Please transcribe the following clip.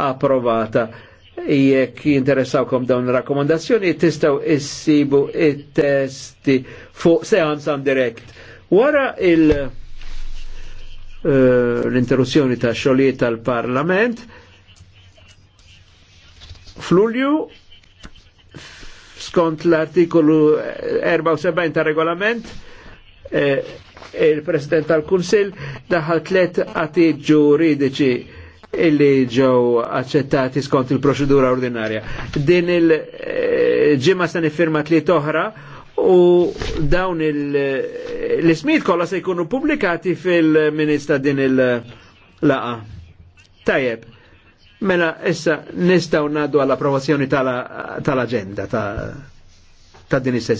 approvata. Jekk jinteressawkom dawn rakkomandazzjoni tistaw issibu it-testi fuq seans on direct. Wara eh, l-interruzzjoni ta' xogħlijiet tal-Parlament, f'Lulju skont l-artikolu 74 ta' regolament, eh, il-President tal-Kunsil daħal tlet għati ġuridiċi illi ġew accettati skont il-proċedura ordinarja. Din il-ġimma eh, se nifirma li toħra u dawn eh, l-ismijiet kollha se jkunu pubblikati fil-minista din il-laqa. Eh, Tajjeb, mela issa nistgħu ngħaddu għall-approvazzjoni tal-aġenda ta', ta din is